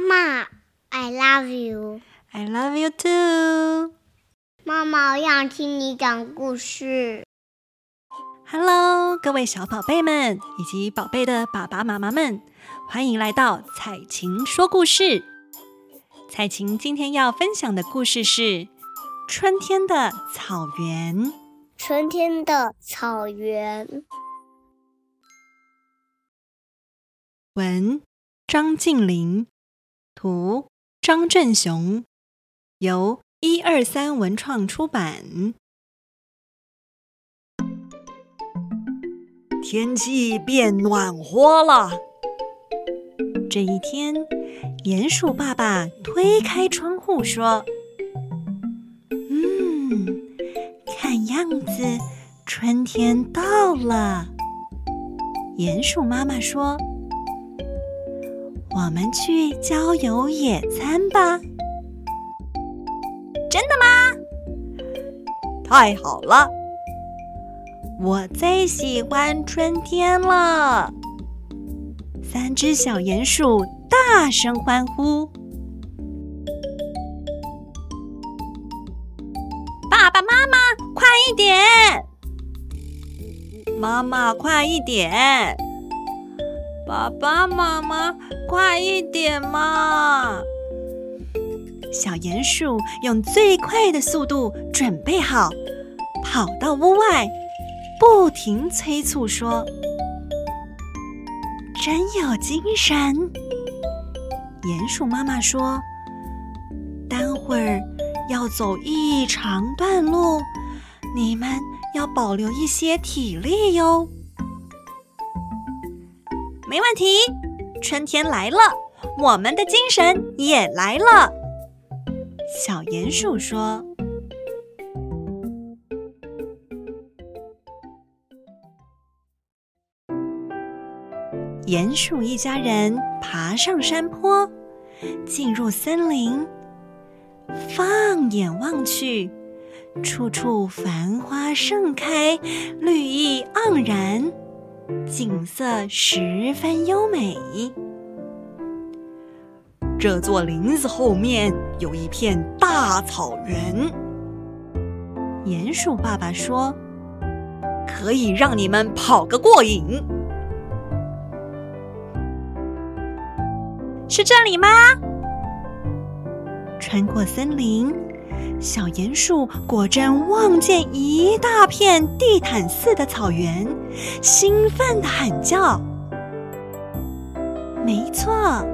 媽媽，I love you. I love you too. 媽媽，我想聽你講故事。哈嘍，各位小寶貝們以及寶貝的爸爸媽媽們，歡迎來到采晴說故事。采晴今天要分享的故事是《春天的草原》。春天的草原。文，張晉霖。圖張正雄由一二三文創出版。天氣變暖和了，這一天，鼹鼠爸爸推開窗戶說：“嗯，看樣子春天到了。”鼹鼠媽媽說。我們去郊遊野餐吧！真的嗎？太好了！我最喜歡春天了。三隻小鼹鼠大聲歡呼：“爸爸媽媽，快一點！媽媽，快一點！”爸爸媽媽，快一點嘛！小鼴鼠用最快的速度準備好，跑到屋外，不停催促說：“真有精神！”鼴鼠媽媽說：“待會兒要走一長段路，你們要保留一些體力喲。”沒問題，春天來了，我們的精神也來了。小鼴鼠說。鼴鼠一家人爬上山坡，進入森林，放眼望去，處處繁花盛開，綠意盎然。景色十分優美。這座林子後面有一片大草原。鼹鼠爸爸說：“可以讓你們跑個過癮。”是這裡嗎？穿過森林，小鼹鼠果真望見一大片地毯似的草原。興奮的喊叫，沒錯。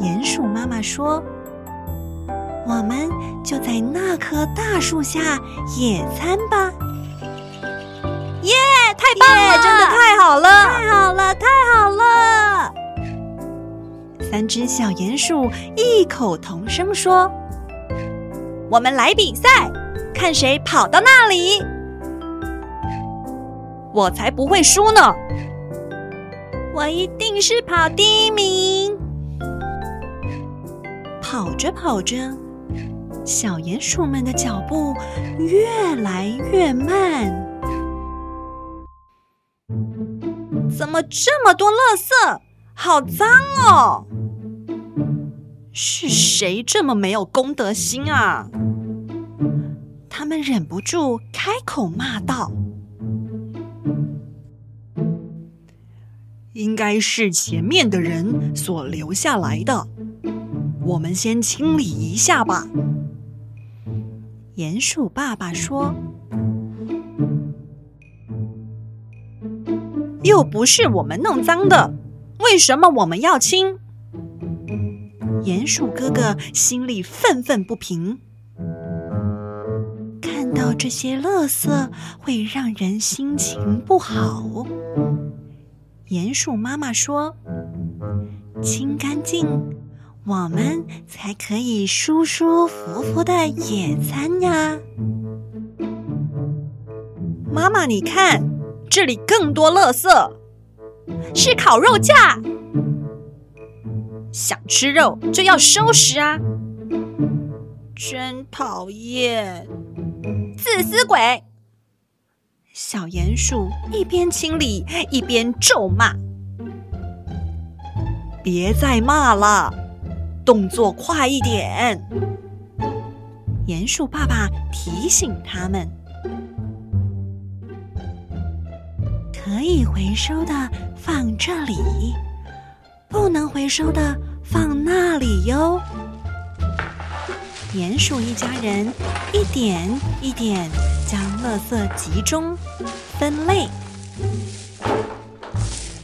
鼴鼠媽媽說：“我們就在那棵大樹下野餐吧。”耶，太棒了，真的太好，太好了，太好了，太好了！三隻小鼴鼠異口同聲說：“我們來比賽，看誰跑到那裡。”我才不會輸呢！我一定是跑第一名。跑着跑着，小鼹鼠們的腳步越來越慢。怎麼這麼多垃圾？好髒哦！是誰這麼沒有公德心啊？他們忍不住開口罵道。應該是前面的人所留下來的，我們先清理一下吧。鼴鼠爸爸說：“又不是我們弄髒的，為什麼我們要清？”鼴鼠哥哥心裡憤憤不平。看到這些垃圾會讓人心情不好。鼴鼠媽媽說：“清乾淨，我們才可以舒舒服服的野餐呀。”媽媽，你看，這裡更多垃圾，是烤肉架。想吃肉就要收拾啊！真討厭，自私鬼。小鼴鼠一邊清理一邊咒罵：“別再罵了，動作快一點！”鼴鼠爸爸提醒他們：“可以回收的放這裡，不能回收的放那裡喲。”鼴鼠一家人一點一點。一點將垃圾集中分類，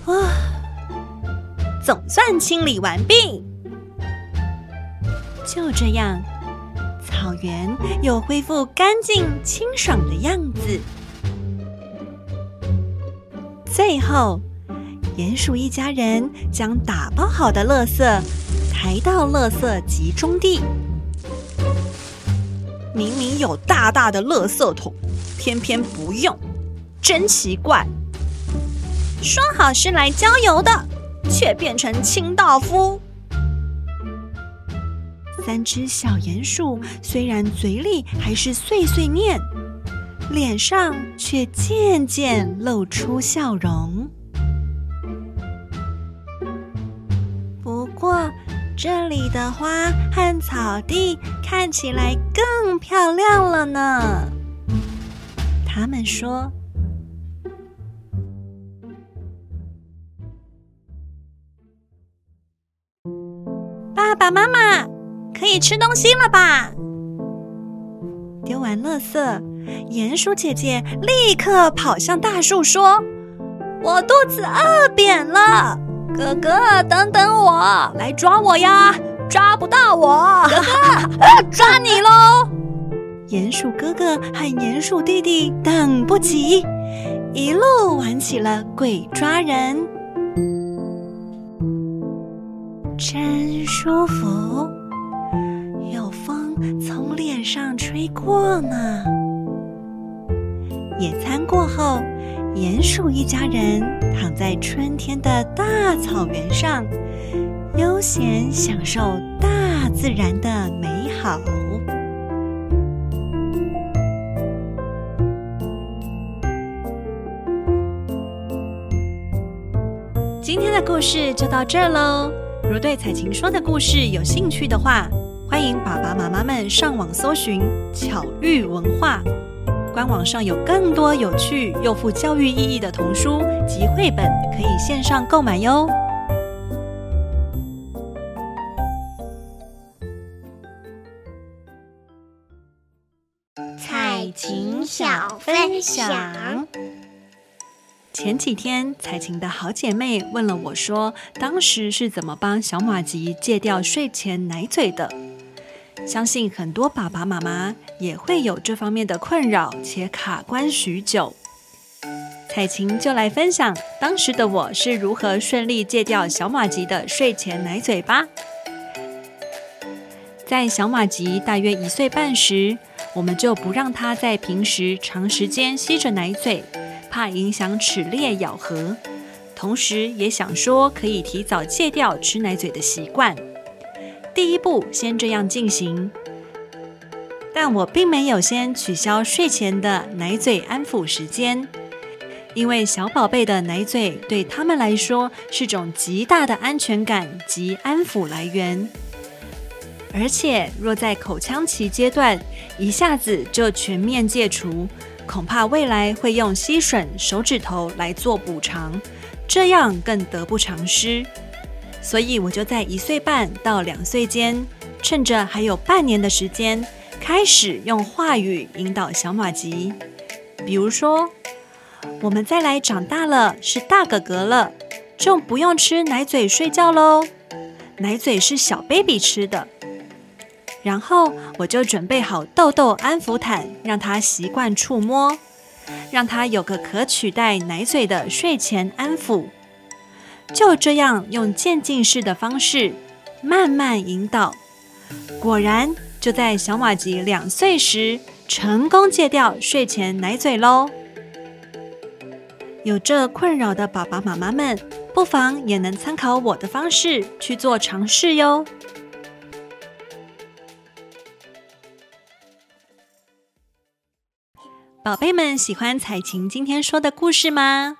哇、哦，總算清理完畢。就這樣，草原又恢復乾淨清爽的樣子。最後，鼴鼠一家人將打包好的垃圾抬到垃圾集中地。明明有大大的垃圾桶，偏偏不用，真奇怪！說好是來郊遊的，卻變成清道夫。三隻小鼴鼠雖然嘴裡還是碎碎念，臉上卻漸漸露出笑容。這裡的花和草地看起來更漂亮了呢。他們說：“爸爸媽媽可以吃東西了吧？”丟完垃圾，鼴鼠姐姐立刻跑向大樹，說：“我肚子餓扁了。”哥哥，等等我！來抓我呀！抓不到我！哥哥， 啊、抓你嘍！鼴鼠、啊啊啊啊、哥哥和鼴鼠弟弟等不及，一路玩起了鬼抓人，真舒服，有風從臉上吹過呢。野餐過後，鼴鼠一家人躺在春天的大草原上，悠閒享受大自然的美好。今天的故事就到這嘍。如對采晴說的故事有興趣的話，歡迎爸爸媽媽們上網搜尋巧育文化。官網上有更多有趣又富教育意義的童書及繪本，可以線上購買喲。采晴小分享：前幾天采晴的好姐妹問了我說，當時是怎麼幫小馬吉戒掉睡前奶嘴的？相信很多爸爸媽媽也會有這方面的困擾，且卡關許久。采晴就來分享當時的我是如何順利戒掉小馬吉的睡前奶嘴吧。在小馬吉大約一歲半時，我們就不讓他在平時長時間吸着奶嘴，怕影響齒列咬合，同時也想說可以提早戒掉吃奶嘴的習慣。第一步先這樣進行，但我並沒有先取消睡前的奶嘴安撫時間，因為小寶貝的奶嘴對他們來說是種極大的安全感及安撫來源。而且若在口腔期階段一下子就全面戒除，恐怕未來會用吸吮手指頭來做補償，這樣更得不償失。所以我就在一歲半到兩歲間，趁着還有半年的時間，開始用話語引導小馬吉。比如說，我們再來長大了，是大哥哥了，就不用吃奶嘴睡覺嘍，奶嘴是小 baby 吃的。然後我就準備好豆豆安撫毯，讓他習慣觸摸，讓他有個可取代奶嘴的睡前安撫。就這樣用漸進式的方式慢慢引導，果然就在小馬吉兩歲時成功戒掉睡前奶嘴嘍！有這困擾的爸爸媽媽們，不妨也能參考我的方式去做嘗試喲。寶貝們喜歡彩琴今天說的故事嗎？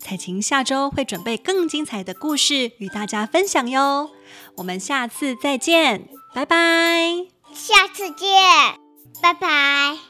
采晴下週會準備更精彩的故事與大家分享喲，我們下次再見，拜拜，下次見，拜拜。